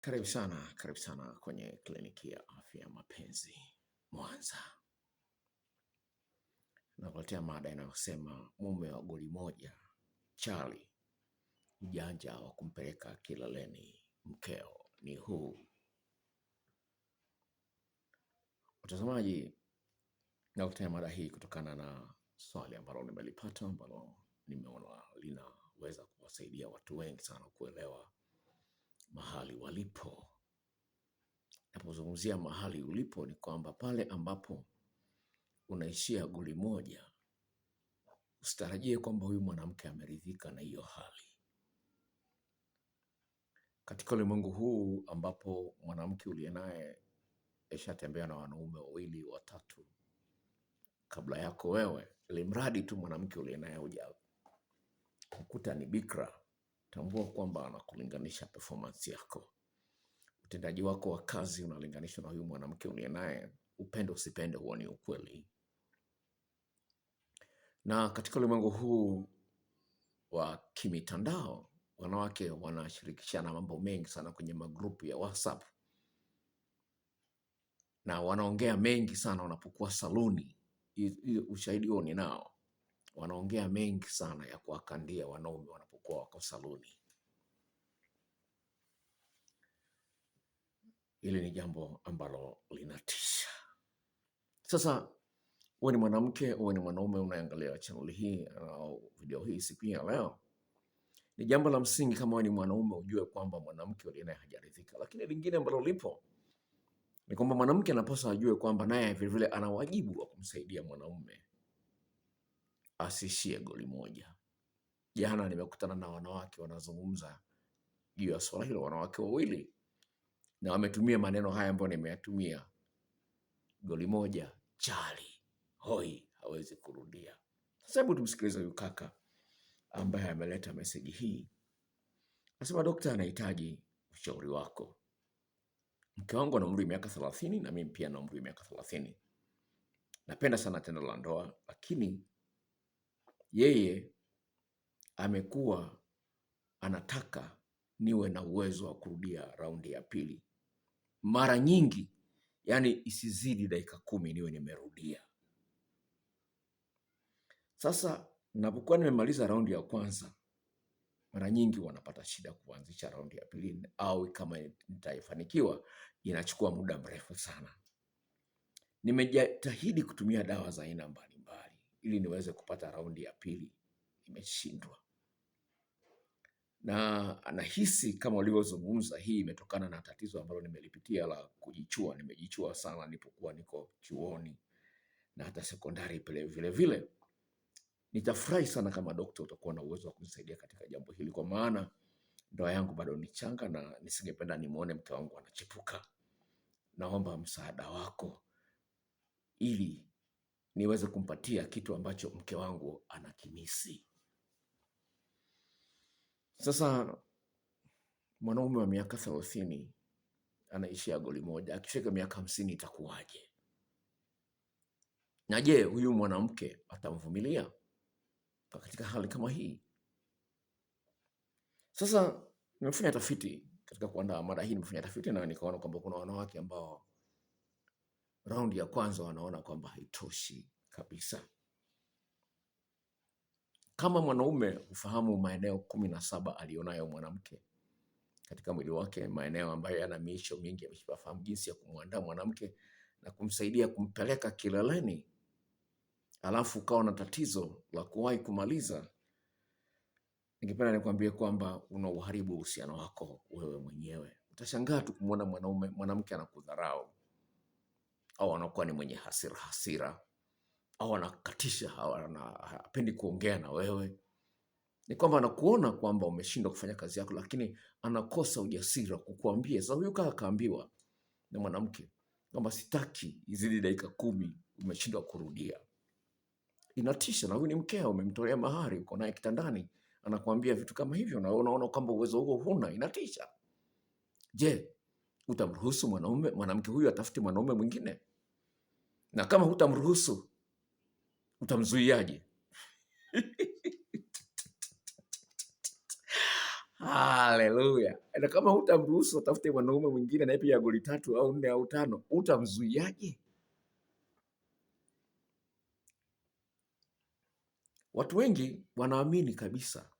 Karibu sana, karibu sana kwenye kliniki ya afya ya mapenzi Mwanza. Nakuletea mada inayosema mume wa goli moja, chali ujanja wa kumpeleka kileleni mkeo ni huu. Watazamaji, nakuletea mada hii kutokana na swali ambalo nimelipata ambalo nimeona linaweza kuwasaidia watu wengi sana kuelewa mahali walipo. Napozungumzia mahali ulipo, ni kwamba pale ambapo unaishia goli moja, usitarajie kwamba huyu mwanamke ameridhika na hiyo hali. Katika ulimwengu huu ambapo mwanamke uliye naye ishatembea na wanaume wawili watatu kabla yako wewe, ilimradi tu mwanamke uliye naye huja ni bikra tambua kwamba anakulinganisha performance yako, utendaji wako wa kazi unalinganishwa na huyu mwanamke uliye naye, upende usipende, huo ni ukweli. Na katika ulimwengu huu wa kimitandao, wanawake wanashirikishana mambo mengi sana kwenye magrupu ya WhatsApp na wanaongea mengi sana wanapokuwa saluni. Ushahidi huo ninao wanaongea mengi sana ya kuwakandia wanaume wanapokuwa wako saluni. Hili ni jambo ambalo linatisha. Sasa uwe ni mwanamke, uwe ni mwanaume, unaangalia chaneli hii au video hii siku ya leo, ni jambo la msingi kama wewe ni mwanaume ujue kwamba mwanamke uliye naye hajaridhika. Lakini lingine ambalo lipo ni kwamba mwanamke anapaswa ajue kwamba naye vilevile ana wajibu wa kumsaidia mwanaume asishie goli moja. Jana nimekutana na wanawake wanazungumza juu ya swala hilo, wanawake wawili, na wametumia maneno haya ambayo nimeyatumia: goli moja chali hoi, hawezi kurudia. Sasa hebu tumsikilize huyu kaka ambaye ameleta meseji hii. Anasema, daktari, anahitaji ushauri wako. Mke wangu ana umri miaka thelathini na mimi pia na umri miaka thelathini. Napenda sana tendo la ndoa, lakini yeye amekuwa anataka niwe na uwezo wa kurudia raundi ya pili mara nyingi, yani isizidi dakika kumi niwe nimerudia. Sasa napokuwa nimemaliza raundi ya kwanza, mara nyingi wanapata shida kuanzisha raundi ya pili, au kama nitaifanikiwa inachukua muda mrefu sana. Nimejitahidi kutumia dawa za aina mbalimbali ili niweze kupata raundi ya pili, imeshindwa Na anahisi kama ulivyozungumza, hii imetokana na tatizo ambalo nimelipitia la kujichua. Nimejichua sana nilipokuwa niko chuoni na hata sekondari pale vile vile. Nitafurahi sana kama dokta utakuwa na uwezo wa kunisaidia katika jambo hili, kwa maana ndoa yangu bado ni changa na nisingependa nimuone mke wangu anachepuka. Naomba msaada wako ili niweze kumpatia kitu ambacho mke wangu anakimisi. Sasa mwanaume wa miaka thelathini anaishia goli moja, akifika miaka hamsini itakuwaje? Na je, huyu mwanamke atamvumilia katika hali kama hii? Sasa nimefanya tafiti katika kuandaa mada hii, nimefanya tafiti na nikaona kwamba kuna wanawake ambao raundi ya kwanza wanaona kwamba haitoshi kabisa. Kama mwanaume ufahamu maeneo kumi na saba aliyonayo mwanamke katika mwili wake, maeneo ambayo yana miisho mingi ya mishipa fahamu, jinsi ya kumwandaa mwanamke na kumsaidia kumpeleka kileleni, alafu ukawa na tatizo la kuwahi kumaliza, ningependa nikwambie kwamba unauharibu uhusiano wako wewe mwenyewe. Utashangaa tu kumwona mwanaume mwanamke anakudharau au anakuwa ni mwenye hasira hasira, au anakatisha, hapendi kuongea na wewe, ni kwamba anakuona kwamba umeshindwa kufanya kazi yako, lakini anakosa ujasiri wa kukuambia. Sasa huyu kaka akaambiwa na mwanamke kwamba sitaki izidi dakika kumi, umeshindwa kurudia. Inatisha. Na huyu ni mkea, umemtolea mahari, uko naye kitandani, anakuambia vitu kama hivyo, na unaona kwamba uwezo huo huna. Inatisha. Je, utamruhusu mwanaume mwanamke huyu atafute mwanaume mwingine? na kama hutamruhusu utamzuiaje? Haleluya! Na kama hutamruhusu atafute mwanaume mwingine naye pia goli tatu au nne au tano, utamzuiaje? Watu wengi wanaamini kabisa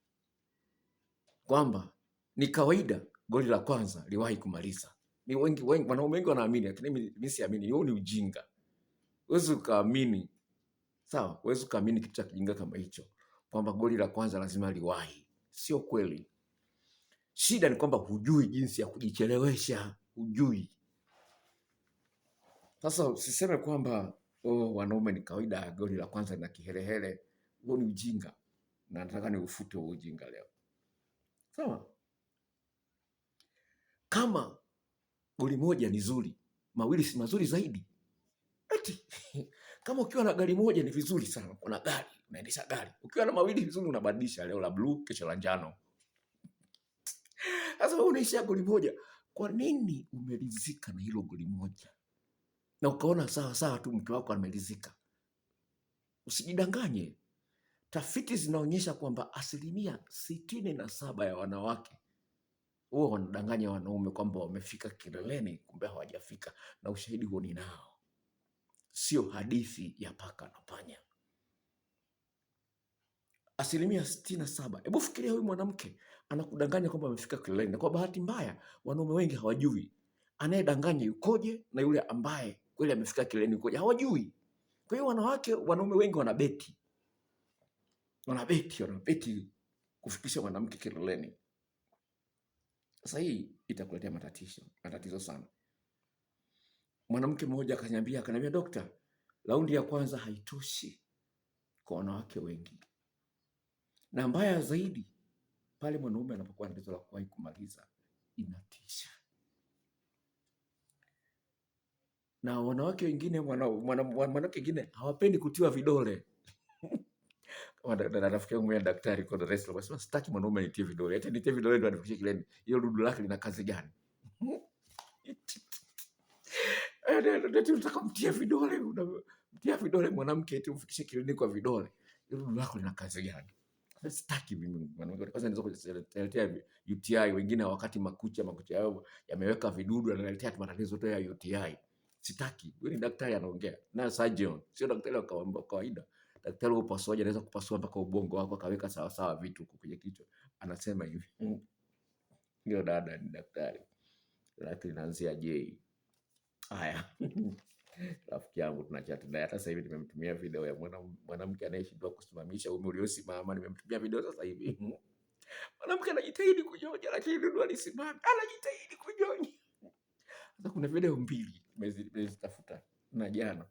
kwamba ni kawaida goli la kwanza liwahi kumaliza. Ni wengi wengi, wanaume wengi wanaamini, lakini mimi siamini. Huu ni ujinga huwezi ukaamini sawa, huwezi ukaamini kitu cha kijinga kama hicho, kwamba goli la kwanza lazima liwahi. Sio kweli. Shida ni kwamba hujui jinsi ya kujichelewesha, hujui. Sasa siseme kwamba oh, wanaume ni kawaida, goli la kwanza lina kihelehele. Huo ni ujinga, na nataka ufute huo ujinga leo, sawa. Kama goli moja ni zuri, mawili si mazuri zaidi wakati Kama ukiwa na gari moja ni vizuri sana, kuna gari unaendesha gari. Ukiwa na mawili vizuri, unabadilisha leo la blue, kesho la njano. Sasa wewe unaishia goli moja, kwa nini umeridhika na hilo goli moja na ukaona sawa sawa tu, mke wako ameridhika? Usijidanganye. Tafiti zinaonyesha kwamba asilimia sitini na saba ya wanawake huwa wanadanganya wanaume kwamba wamefika kileleni, kumbe hawajafika, na ushahidi huo ninao sio hadithi ya paka na panya. Asilimia sitini na saba. Hebu fikiria, huyu mwanamke anakudanganya kwamba amefika kileleni, na kwa bahati mbaya wanaume wengi hawajui anayedanganya yukoje na yule ambaye kweli amefika kileleni yukoje, hawajui. Kwa hiyo wanawake, wanaume wengi wanabeti, wanabeti, wanabeti kufikisha mwanamke kileleni. Sasa hii itakuletea matatizo, matatizo sana mwanamke mmoja akaniambia, akaniambia dokta, raundi ya kwanza haitoshi kwa wanawake wengi, na mbaya zaidi pale mwanaume anapokuwa na tatizo la kuwahi kumaliza inatisha. Na wanawake wengine, mwanamke wengine hawapendi kutiwa vidole. Rafiki yangu daktari kwa Dar es Salaam anasema sitaki mwanaume anitie vidole, hata nitie vidole ndo anifikishe kileni, Hiyo dudu lake lina kazi gani? Eh, unataka vidole, mtia vidole mwanamke eti umfikishe kliniki kwa vidole. Hilo dudu lako lina kazi gani? Sitaki mimi mwanamke, kwanza naweza kuletea UTI. Wengine wakati makucha makucha yao yameweka vidudu, analetea matatizo yote ya UTI. Sitaki. Huyu ni daktari anaongea na surgeon, sio daktari wa kawaida. Daktari wa upasuaji anaweza kupasua mpaka ubongo wako akaweka sawa sawa vitu kwenye kichwa. Anasema hivi, ndio dada ni daktari, lakini inaanzia J. Haya, rafiki yangu tunachat naye sasa hivi, nimemtumia video ya mwanamke anayeshindwa kusimamisha ume uliosimama. Nimemtumia video sasa hivi, mwanamke anajitahidi kunyonya, lakini ndio alisimama, anajitahidi kunyonya. Sasa kuna video mbili nimezitafuta na jana,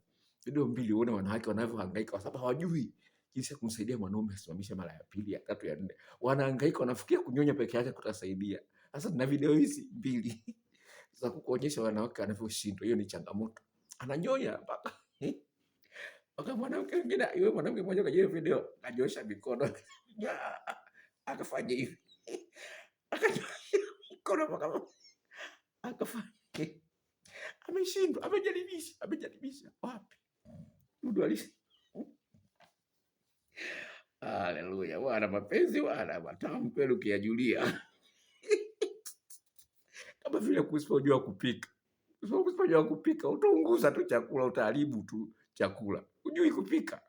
video mbili, uone wanawake wanavyohangaika kwa sababu hawajui jinsi ya kumsaidia mwanaume asimamishe mara ya pili, ya tatu, ya nne. Wanahangaika, wanafikia kunyonya peke yake kutasaidia. Sasa tuna video hizi mbili. za kukuonyesha wanawake wanavyoshindwa. Hiyo ni changamoto, ananyonya mpaka hmm? mpaka mwanamke mwingine, yule mwanamke mmoja kwenye video kanyosha mikono akafanya hivi, mikono akafanya ameshindwa, amejaribisha, amejaribisha wapi? Mtu alisi Haleluya, wana mapenzi wana matamu kweli ukiyajulia kama vile kusipojua kupika. Usipojua kupika utaunguza tu chakula, utaharibu tu chakula. ujui kupika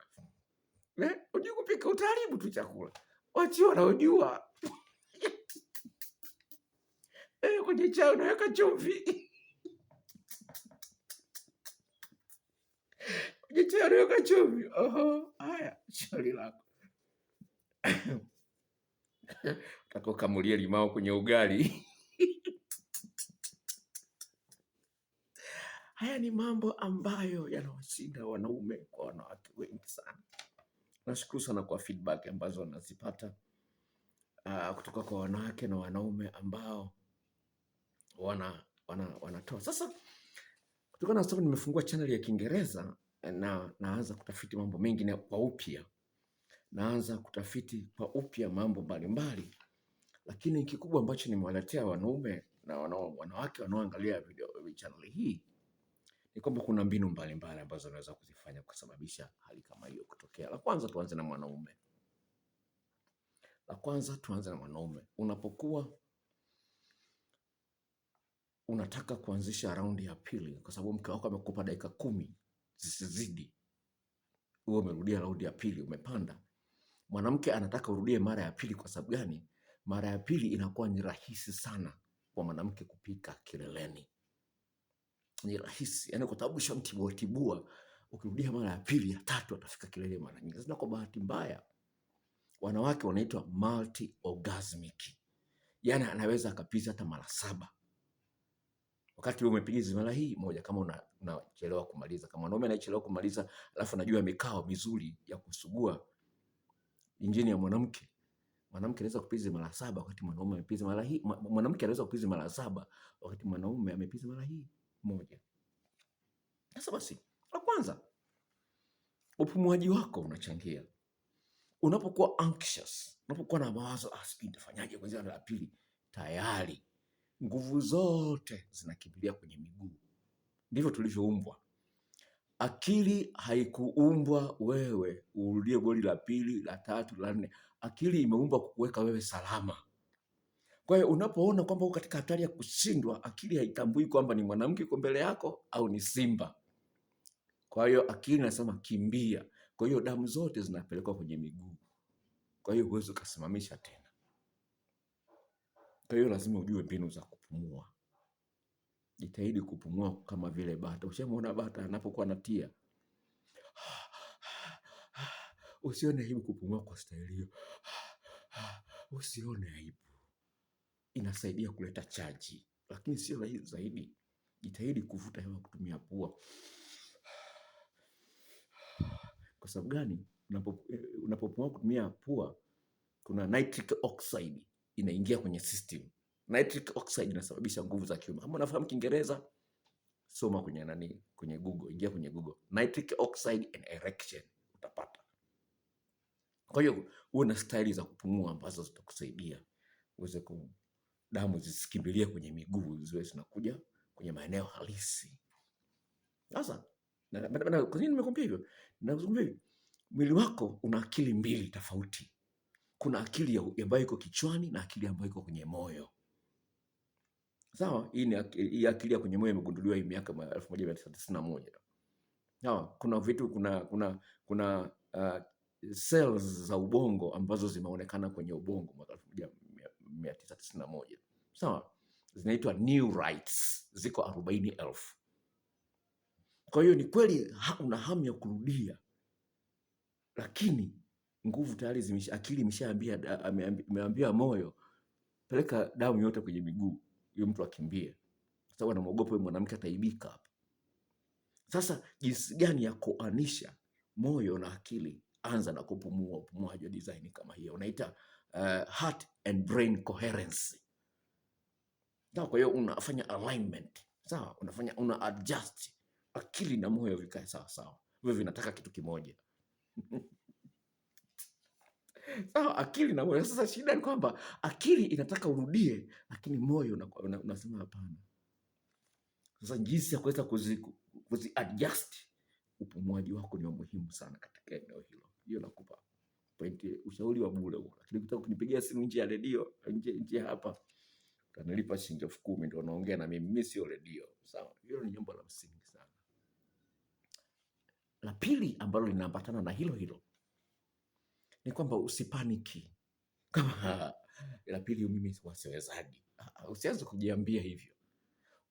eh, hujui kupika, utaharibu tu chakula. Wachie wanaojua eh, kwenye chai unaweka chumvi kwenye chai unaweka chumvi. Oho, haya shauri lako utakaokamulia limao kwenye ugali Haya ni mambo ambayo yanawashinda wanaume kwa wanawake wengi sana. Nashukuru sana kwa feedback ambazo nazipata uh, kutoka kwa wanawake na wanaume ambao wana, wana, wanatoa sasa. Kutokana na sababu nimefungua channel ya Kiingereza na naanza kutafiti mambo mengi na kwa upya, naanza kutafiti kwa upya mambo mbalimbali, lakini kikubwa ambacho nimewaletea wanaume na wanawake wanaoangalia video channel hii ni kwamba kuna mbinu mbalimbali ambazo unaweza kuzifanya kusababisha hali kama hiyo kutokea. La kwanza tuanze na mwanaume. La kwanza tuanze na mwanaume. Unapokuwa unataka kuanzisha raundi ya pili, kwa sababu mke wako amekupa dakika kumi zisizidi, wewe umerudia raundi ya pili, umepanda. Mwanamke anataka urudie mara ya pili. Kwa sababu gani? Mara ya pili inakuwa ni rahisi sana kwa mwanamke kupika kileleni ni rahisi, yani kwa sababu shamtibua tibua, ukirudia mara ya pili ya tatu atafika kilele mara nyingi. Sasa kwa bahati mbaya wanawake wanaitwa multi orgasmic, yani anaweza akapiza hata mara saba wakati wewe umepiga zimara hii moja, kama unachelewa kumaliza, kama mwanaume anachelewa kumaliza, alafu anajua mikao mizuri ya kusugua injini ya mwanamke. Mwanamke anaweza kupiza mara saba wakati mwanaume amepiza mara hii. Mwanamke anaweza kupiza mara saba wakati mwanaume amepiza mara hii moja. Sasa basi, la kwanza, upumuaji wako unachangia. Unapokuwa anxious, unapokuwa na mawazo ah, sijui nitafanyaje kuanzia la pili, tayari nguvu zote zinakimbilia kwenye miguu. Ndivyo tulivyoumbwa. Akili haikuumbwa wewe urudie goli la pili, la tatu, la nne. Akili imeumbwa kukuweka wewe salama. Kwa hiyo unapoona kwamba uko katika hatari ya kushindwa, akili haitambui kwamba ni mwanamke uko mbele yako au ni simba. Kwa hiyo akili inasema kimbia. Kwa hiyo damu zote zinapelekwa kwenye miguu, kwa hiyo huwezi ukasimamisha tena. Kwa hiyo lazima ujue mbinu za kupumua. Jitahidi kupumua kama vile bata. Ushamuona bata anapokuwa anatia usione aibu kupumua kwa staili hiyo, usione aibu inasaidia kuleta chaji, lakini sio rahisi zaidi. Jitahidi kuvuta hewa kutumia pua. Kwa sababu gani? Unapopumua kutumia pua, kuna nitric oxide inaingia kwenye system. Nitric oxide inasababisha nguvu za kiume. Kama unafahamu Kiingereza, soma kwenye nani, kwenye Google, ingia kwenye Google. Nitric oxide and erection utapata. Kwa hiyo uwe na staili za kupumua ambazo zitakusaidia uweze ku damu zisikimbilie kwenye miguu ziwe zinakuja kwenye maeneo halisi. Sasa kwa nini nimekuambia hivyo? Nazungumzia hivi, mwili wako una akili mbili tofauti. Kuna akili ambayo iko kichwani na akili ambayo iko kwenye moyo. Sawa, hii ni hii akili ya kwenye moyo imegunduliwa hii miaka 1991. Sawa, kuna vitu kuna kuna kuna uh, cells za ubongo ambazo zimeonekana kwenye ubongo mwaka moja sawa, zinaitwa new rights, ziko arobaini elfu. Kwa hiyo ni kweli una hamu ya kurudia, lakini nguvu tayari, akili imeshaambia, imeambia moyo peleka damu yote kwenye miguu, hiyo mtu akimbie, sababu anamwogopa yule mwanamke ataibika hapa. Sasa jinsi gani ya kuanisha moyo na akili? Anza na kupumua, upumuaji wa design kama hiyo unaita uh, heart and brain coherency. Sawa, kwa hiyo unafanya alignment. Sawa, unafanya una adjust akili na moyo vikae sawa sawa. Wewe vinataka kitu kimoja. Sawa, akili na moyo. Sasa shida ni kwamba akili inataka urudie, lakini moyo unasema hapana. Sasa jinsi ya kuweza kuzi, kuzi adjust upumuaji wako ni muhimu sana katika eneo hilo. Hiyo nakupa pointi, ushauri wa bure huo. Lakini ukitaka kunipigia simu nje ya redio, nje nje hapa utanilipa shilingi elfu kumi ndio unaongea na mimi, mimi sio redio. Sawa, hilo ni jambo la msingi sana. La pili ambalo linaambatana na hilo hilo ni kwamba usipaniki. Kama la pili mimi wasiwezaji, ah, usianze kujiambia hivyo,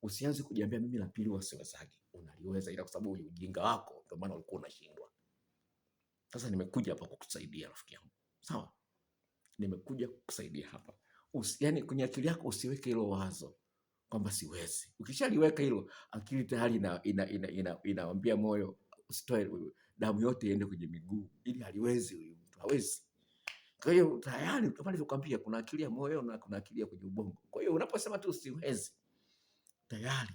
usianze kujiambia mimi la pili wasiwezaji. Unaliweza, ila kwa sababu ujinga wako ndio maana ulikuwa unashindwa. Sasa nimekuja hapa kukusaidia rafiki yangu. Sawa? Nimekuja kukusaidia hapa. Usi, yani kwenye akili yako usiweke hilo wazo kwamba siwezi. Ukishaliweka hilo, akili tayari ina ina, ina, ina, ina moyo usitoe damu yote iende kwenye miguu ili haliwezi huyu mtu hawezi. Kwa hiyo tayari kama nilivyokuambia kuna akili ya moyo na kuna akili ya kwenye ubongo. Kwa hiyo unaposema tu siwezi tayari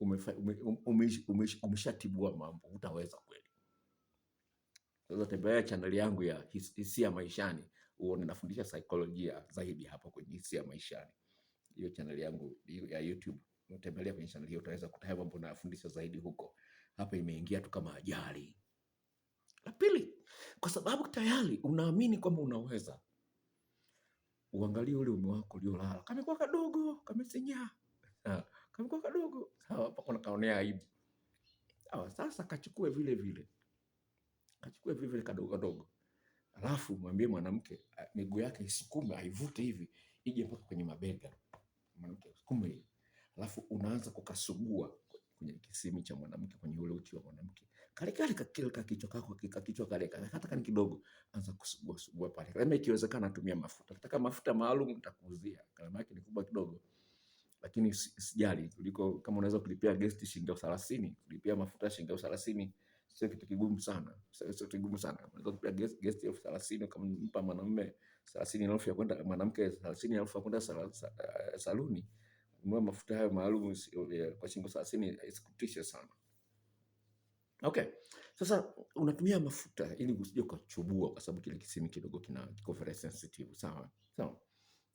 umeshatibua ume, ume, ume, ume mambo, utaweza kweli unaweza tembelea chaneli yangu ya hisia maishani, uone nafundisha saikolojia zaidi hapo kwenye hisia maishani. Hiyo chaneli yangu ya YouTube, tembelea kwenye chaneli hiyo, utaweza kutaya mambo nayafundisha zaidi huko. Hapa imeingia tu kama ajali. La pili, kwa sababu tayari unaamini kwamba unaweza, uangalie ule ume wako uliolala, kamekuwa kadogo, kamesinyaa, ah, kamekuwa kadogo, sawa, pako nakaonea aibu. Sawa, sasa kachukue vile vile kachukue vile vile kadogo kadogo, alafu mwambie mwanamke ah, miguu yake isikume, aivute hivi ije mpaka kwenye mabega, mwanamke asukume hivi, alafu unaanza kukasugua kwenye kisimi cha mwanamke, kwenye ule uchi wa mwanamke, kale kale kakilka kichwa kako kika kichwa kale kale, hata kani kidogo, anza kusugua sugua pale. Kama ikiwezekana, tumia mafuta, nataka mafuta maalum nitakuuzia, gharama yake ni kubwa kidogo lakini sijali kuliko kama unaweza kulipia guest shilingi elfu thelathini kulipia mafuta shilingi elfu thelathini sio kitu kigumu sana, sio kigumu sana. Unaweza kupiga guest elfu thelathini ukampa mwanamume thelathini elfu ya kwenda mwanamke thelathini elfu ya kwenda eh, saluni kununua mafuta hayo maalum kwa shilingi thelathini isikutishe sana. Okay. Sasa unatumia mafuta ili usije kuchubua kwa sababu kile kisimi kidogo kina kiko very sensitive. Sawa sawa,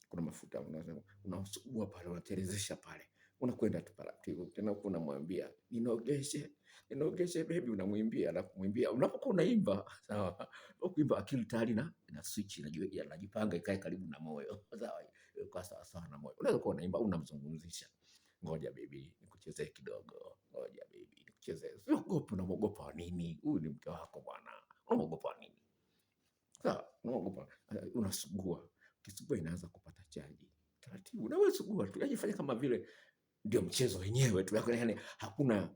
kuna mafuta unaweza unasugua pale, unaterezesha pale unakwenda taratibu tena, huko unamwambia ninogeshe, ninogeshe baby, unamwimbia, alafu mwimbia, unapokuwa unaimba sawa. Ukiimba akili tayari na na switch inajipanga ikae karibu na moyo sawa, kwa sawa sawa na moyo. Unaweza kuwa unaimba unamzungumzisha, ngoja baby nikuchezee kidogo, ngoja baby nikuchezee. Usiogope. Unamogopa nini? Huyu ni mke wako bwana, unamogopa nini? Sawa, unamogopa, eh, unasugua, kisugua inaanza kupata chaji taratibu, na wewe sugua tu, yaani fanya kama vile ndio mchezo wenyewe tu, yani hakuna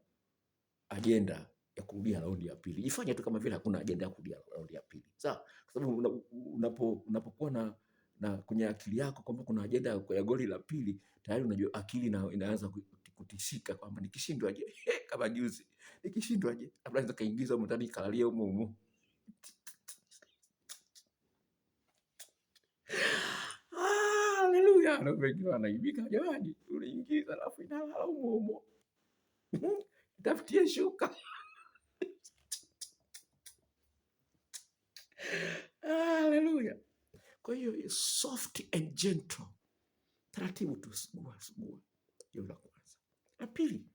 ajenda ya kurudia raundi ya pili. Jifanye tu kama vile hakuna ajenda ya kurudia raundi ya pili, sawa? Kwa sababu unapo unapokuwa na na kwenye akili yako kwamba kuna ajenda ya goli la pili, tayari unajua akili na inaanza kutisika kwamba nikishindwa je? Kama juzi nikishindwa je? Labda nitakaingiza mtani kalalia humo humo. sana, wengine wanaibika. Jamani, unaingiza alafu inalala humo humo, tafutie shuka ah, Haleluya! Kwa hiyo soft and gentle, taratibu tu, sugua sugua. Hiyo la kwanza. La pili,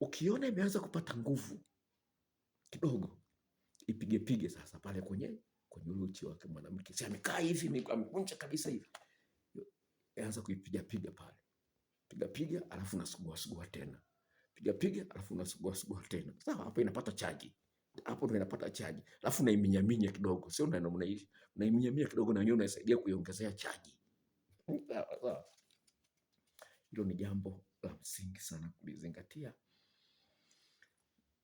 ukiona imeanza kupata nguvu kidogo, ipige pige sasa pale kwenye kwenye uchi wake mwanamke, si amekaa hivi, amekunja kabisa hivi anza kuipiga piga pale, piga piga, alafu unasugua sugua tena, piga piga, alafu unasugua sugua tena. Sawa, hapo inapata chaji, hapo ndo inapata chaji, alafu unaiminyaminya kidogo, sio unaenda na unaiminyaminya kidogo, na wewe unasaidia kuiongezea chaji. Sawa sawa, hilo ni jambo la msingi sana kulizingatia.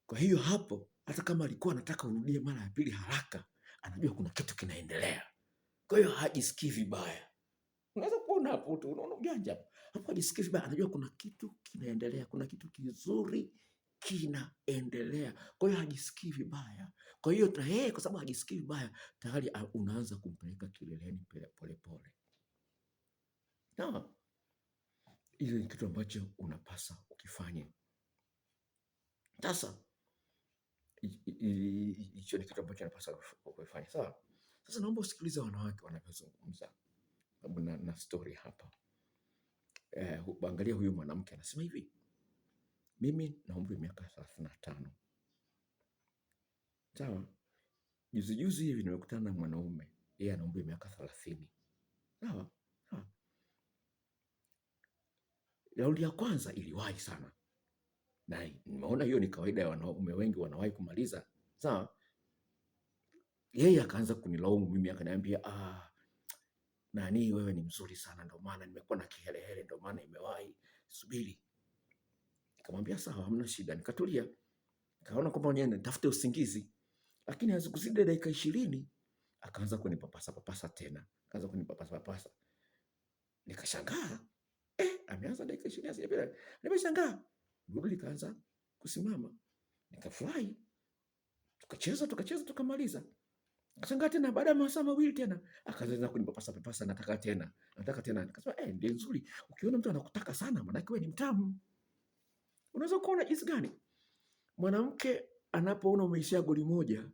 Kwa hiyo hapo, hata kama alikuwa anataka urudie mara ya pili haraka, anajua kuna kitu kinaendelea, kwa hiyo hajisikii vibaya unaona hapo tu, unaona ujanja hapo hapo, ajisikii vibaya, anajua kuna kitu kinaendelea, kuna kitu kizuri kinaendelea. Kwa hiyo hajisikii vibaya. Kwa hiyo na yeye kwa sababu hajisikii vibaya, tayari unaanza kumpeleka kileleni polepole. Na hiyo ni kitu ambacho unapasa ukifanye. Sasa hicho ni kitu ambacho unapasa ukifanye. sawa? Sasa naomba usikilize wanawake wanavyozungumza na, na story hapa. Eh, angalia huyu mwanamke anasema hivi, mimi na umri miaka thelathini na tano. Sawa, juzi juzi hivi nimekutana na mwanaume yeye ana umri miaka thelathini. Sawa, raundi ya kwanza iliwahi sana na nimeona hiyo ni kawaida ya wanaume wengi, wanawahi kumaliza. Sawa, yeye akaanza kunilaumu mimi, akaniambia ah nani, wewe ni mzuri sana, ndio maana nimekuwa na kihelehele, ndio maana imewahi, subiri. Nikamwambia sawa, hamna shida. Nikatulia, nikaona kwamba yeye nitafute usingizi, lakini hazikuzidi dakika ishirini akaanza kunipapasa papasa tena, akaanza kunipapasa papasa. Nikashangaa, eh, ameanza dakika ishirini sijapita. Nimeshangaa gugu likaanza kusimama, nikafurahi, tukacheza tukacheza tukamaliza. Akashangaa tena baada ya masaa mawili tena akaanza kunipapasa papasa, nataka tena, nataka tena. Akasema eh, ndio nzuri. Ukiona mtu anakutaka sana, maana yake wewe ni mtamu. Unaweza kuona jinsi gani mwanamke anapoona umeishia goli moja,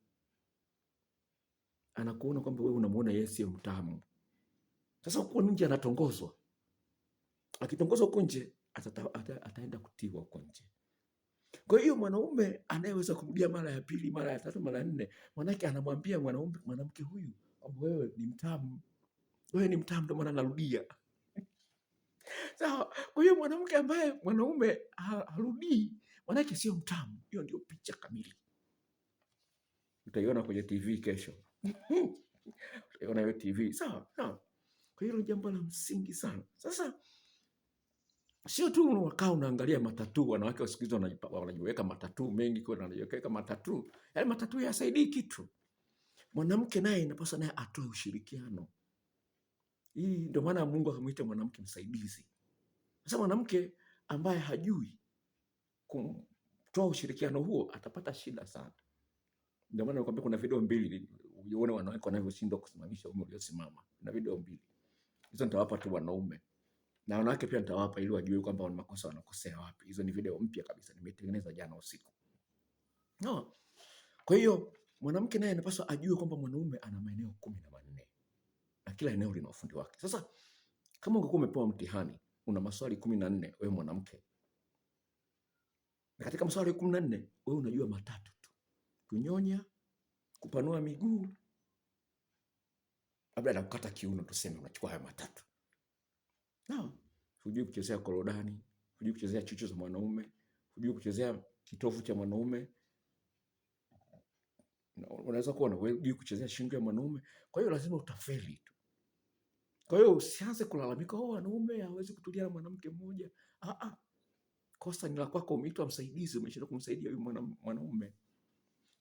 anakuona kwamba wewe unamuona yeye sio mtamu. Sasa huko nje anatongozwa, akitongozwa huko nje ataenda kutiwa huko nje. Kwa hiyo mwanaume anayeweza kurudia mara ya pili, mara ya tatu, mara ya nne, manake anamwambia mwanaume, mwanamke huyu, wewe ni mtamu, wewe ni mtamu, ndio maana narudia. Sawa. Kwa hiyo mwanamke ambaye mwanaume harudii, manake sio mtamu. Hiyo ndio picha kamili, utaiona kwenye TV kesho utaiona hiyo TV. Sawa. Kwa hiyo jambo la msingi sana sasa sio tu unakaa unaangalia matatu, wanawake wa siku hizi wanajiweka matatu mengi, kwa wanajiweka matatu, yale yaani matatu yasaidii kitu. Mwanamke naye inapaswa naye atoe ushirikiano. Hii ndio maana Mungu akamwita mwanamke msaidizi. Sasa mwanamke ambaye hajui kutoa ushirikiano huo atapata shida sana. Ndio maana nakwambia kuna video mbili uone wanawake wanavyoshindwa kusimamisha ume uliosimama. Kuna video mbili hizo, nitawapa tu wanaume na wanawake pia nitawapa ili wajue kwamba wana makosa wanakosea wapi. Hizo ni video mpya kabisa nimetengeneza jana usiku. No. Kwa hiyo mwanamke naye anapaswa ajue kwamba mwanaume ana maeneo kumi na manne na kila eneo lina ufundi wake. Sasa kama ungekuwa umepewa mtihani una maswali kumi na nne wewe mwanamke, na katika maswali kumi na nne wewe unajua matatu tu: kunyonya, kupanua miguu, labda na kukata kiuno, tuseme unachukua hayo matatu. No. Hujui kuchezea korodani, hujui kuchezea chuchu za mwanaume, hujui kuchezea kitovu cha mwanaume. Unaweza kuwa na wewe hujui kuchezea shingo ya mwanaume. Kwa hiyo lazima utafeli tu. Kwa hiyo usianze kulalamika, oh, wanaume hawezi kutulia na mwanamke mmoja. Ah ah. Kosa ni la kwako, umeitwa msaidizi, umeshinda kumsaidia yule mwanaume.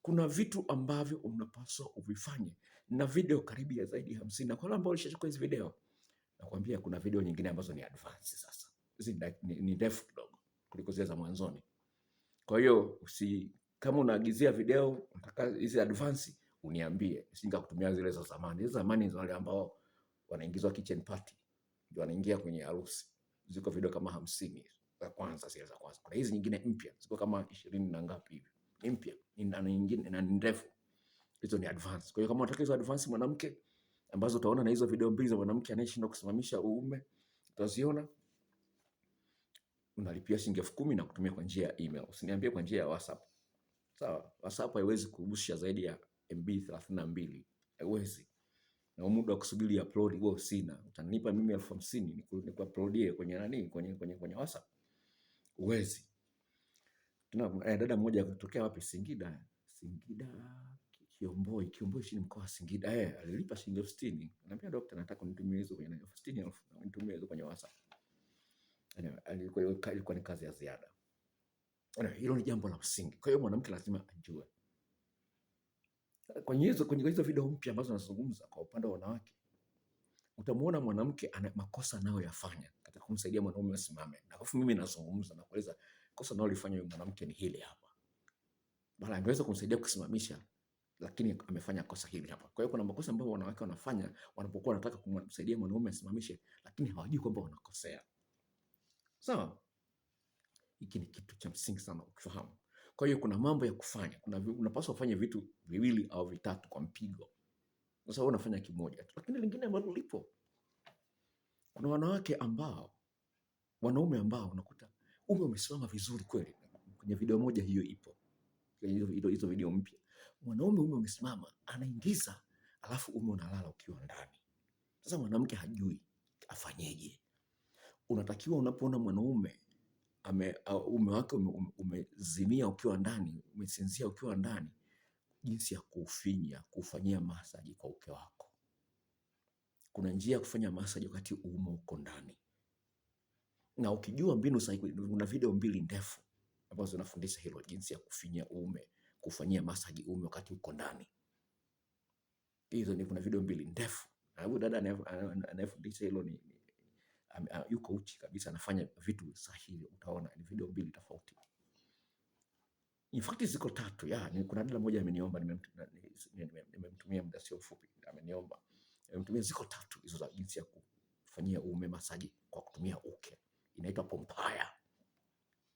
Kuna vitu ambavyo unapaswa uvifanye na video karibu ya zaidi ya hamsini na kwa wale ambao walishachukua hizi video Nakwambia kuna video nyingine ambazo ni advance sasa, ni ndefu kidogo kuliko zile za mwanzoni. Kwa hiyo usi, kama unaagizia video nataka hizi advance uniambie, singa kutumia zile za zamani. Zile za zamani ni wale ambao wanaingizwa kitchen party, ndio wanaingia kwenye harusi. Ziko video kama hamsini za kwanza, zile za kwanza. Kuna hizi nyingine mpya ziko kama ishirini na ngapi hivi, mpya na nyingine na ndefu. Hizo ni advance. Kwa hiyo kama unataka hizo advance mwanamke ambazo utaona na hizo video mbili za mwanamke anayeshindwa kusimamisha uume utaziona. Unalipia shilingi elfu kumi na kutumia kwa njia ya email, usiniambie kwa njia ya WhatsApp. Sawa, WhatsApp haiwezi kurusha zaidi ya MB 32. Haiwezi. Na muda wa kusubiri upload wao sina. Utanipa mimi elfu hamsini nikuuploadie kwenye nani? Kwenye kwenye kwenye WhatsApp. Uwezi. Tuna eh, dada mmoja akatokea wapi? Singida. Singida. Kiomboi, Kiomboi chini mkoa wa Singida. Eh, alilipa shilingi elfu sitini. Anambia daktari, nataka unitumie hizo kwenye elfu sitini elfu nitumie hizo kwenye WhatsApp. Anyway, Ilikuwa ni kazi ya ziada. Hilo ni jambo la msingi. Kwa hiyo mwanamke lazima ajue kwenye hizo kwenye hizo video mpya ambazo nazungumza kwa upande wa wanawake, utamuona mwanamke ana makosa nayo yafanya katika kumsaidia mwanaume asimame, na hofu mimi nazungumza na kueleza kosa analolifanya yule mwanamke ni hili hapa, bali angeweza kumsaidia kusimamisha lakini amefanya kosa hili hapa. Kwa hiyo kuna makosa ambayo wanawake wanafanya wanapokuwa wanataka kumsaidia mwanaume asimamishe, lakini hawajui kwamba wanakosea. Sawa? Hiki ni kitu cha msingi sana ukifahamu. Kwa hiyo kuna mambo ya kufanya. Kuna unapaswa kufanya vitu viwili au vitatu kwa mpigo. Sasa wewe unafanya kimoja tu, lakini lingine ambalo lipo. Kuna wanawake ambao wanaume ambao unakuta ume umesimama vizuri kweli. Kwenye video moja hiyo ipo. Hizo video mpya mwanaume ume umesimama anaingiza, alafu ume unalala ukiwa ndani. Sasa mwanamke hajui afanyeje. Unatakiwa unapoona mwanaume ame, ume wake umezimia ume ukiwa ndani, umesinzia ukiwa ndani, jinsi ya kuufinya, kufanyia masaji kwa uke wako. Kuna njia ya kufanya masaji wakati ume uko ndani, na ukijua mbinu sahihi, kuna video mbili ndefu ambazo zinafundisha hilo, jinsi ya kufinya uume kufanyia masaji uume wakati uko ndani. Hizo ni kuna video mbili ndefu. Alafu dada anayefundisha hilo ni yuko uchi kabisa anafanya vitu sahihi, utaona ni video mbili tofauti. In fact ziko tatu ya, ni kuna dada moja ameniomba nimemtumia muda sio mfupi ameniomba. Nimemtumia ziko tatu hizo za jinsi ya kufanyia uume masaji kwa kutumia uke. Inaitwa Pompaya.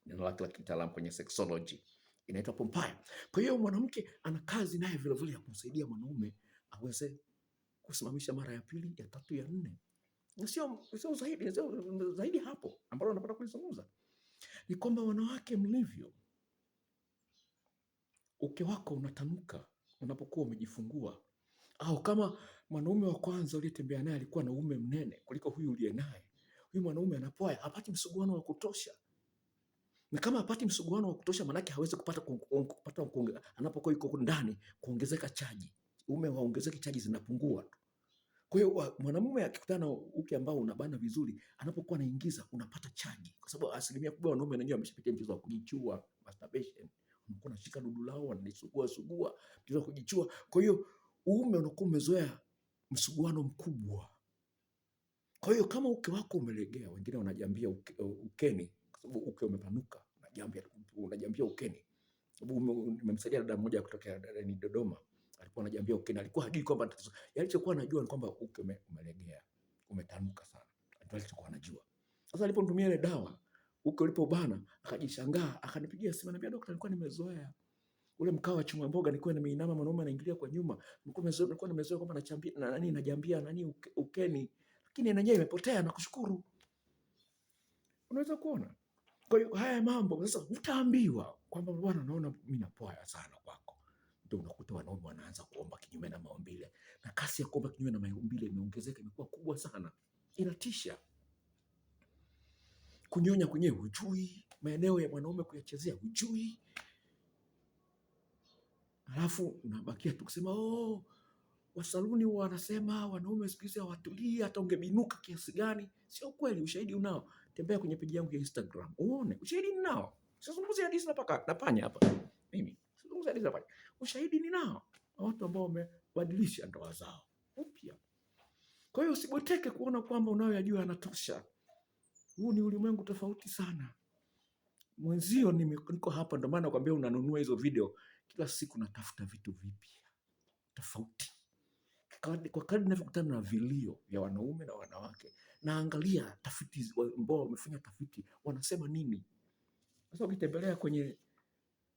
Neno lake la kitaalamu kwenye sexology inaitwa Pompaya. Kwa hiyo mwanamke ana kazi naye vile vile ya kumsaidia mwanaume aweze kusimamisha mara ya pili, ya tatu, ya nne. Sio sio zaidi, zaidi hapo ambalo unapata kulizungumza. Ni kwamba wanawake mlivyo, uke wako unatanuka unapokuwa umejifungua, au kama mwanaume wa kwanza uliyetembea naye alikuwa na uume mnene kuliko huyu uliye naye, huyu mwanaume anapoa hapati msuguano wa kutosha na kama hapati msuguano wa kutosha, manake hawezi kupata kupata anapokuwa yuko ndani kuongezeka chaji, ume waongezeke chaji zinapungua tu. Kwa hiyo mwanamume akikutana na uke ambao unabana vizuri, anapokuwa anaingiza unapata chaji, kwa sababu asilimia kubwa wanaume wanajua wameshapitia mchezo wa kujichua, masturbation, unakuwa unashika dudu lao wanalisugua sugua, mchezo wa kujichua. Kwa hiyo uume unakuwa umezoea msuguano mkubwa. Kwa hiyo kama uke wako umelegea, wengine wanajiambia uke, ukeni kwa sababu uke umepanuka, unajiambia ukeni. Nimemsaidia dada mmoja kutoka Dodoma, alikuwa anajiambia ukeni, alikuwa hajui kwamba tatizo, yaani alichokuwa anajua ni kwamba uke umelegea, umetanuka sana, ndio alichokuwa anajua. Sasa aliponitumia ile dawa uke ulipobana, akajishangaa, akanipigia simu, ananiambia daktari, nilikuwa nimezoea ule mkaa wa chuma mboga nilikuwa nimeinama, mwanaume anaingilia kwa nyuma, nilikuwa nimezoea kwamba nachambia na nani, najambia nani ukeni, lakini yenyewe imepotea. Nakushukuru, unaweza kuona. Kwa hiyo haya mambo sasa utaambiwa kwamba bwana, naona mimi napoa sana kwako. Ndio unakuta wanaume wanaanza kuomba kinyume na maumbile, na kasi ya kuomba kinyume na maumbile imeongezeka, imekuwa kubwa sana, inatisha. Kunyonya kwenyewe hujui, maeneo ya mwanaume kuyachezea hujui, alafu unabakia tu kusema oh, wasaluni wanasema wanaume siku hizi hawatulii, hata ungebinuka kiasi gani. Sio kweli, ushahidi unao tembea kwenye peji yangu ya Instagram uone ushahidi ninao. Sizungumzie hadithi na paka na panya hapa mimi, sizungumzie hadithi na panya. Ushahidi ninao na watu ambao wamebadilisha ndoa zao upya. Kwa hiyo usibweteke kuona kwamba unayoyajua yanatosha. Huu ni ulimwengu tofauti sana. Mwenzio niko hapa, ndo maana nakwambia unanunua hizo video kila siku, natafuta vitu vipya tofauti kwa kadri ninavyokutana na vilio vya wanaume na wanawake, naangalia tafiti ambao wamefanya tafiti wanasema nini. Sasa ukitembelea kwenye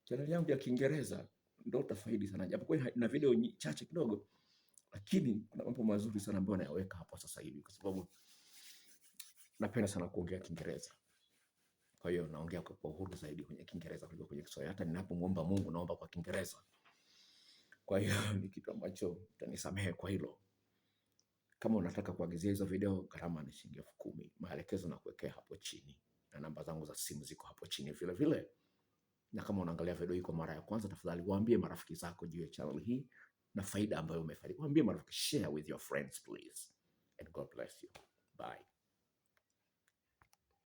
chaneli yangu ya Kiingereza ndio utafaidi sana, japokuwa na video chache kidogo, lakini kuna mambo mazuri sana ambayo nayaweka hapo sasa hivi, kwa sababu napenda sana kuongea Kiingereza. Kwa hiyo naongea kwa uhuru zaidi kwenye Kiingereza kuliko kwenye Kiswahili. Hata ninapomwomba Mungu naomba kwa Kiingereza. Kwa hiyo ni kitu ambacho utanisamehe kwa hilo. Kama unataka kuagizia hizo video, gharama ni shilingi elfu kumi. Maelekezo na kuwekea hapo chini na namba zangu za simu ziko hapo chini vile vile. Na kama unaangalia video hii kwa mara ya kwanza, tafadhali waambie marafiki zako juu ya channel hii na faida ambayo umefaidika. Waambie marafiki, share with your friends please. And God bless you. Bye.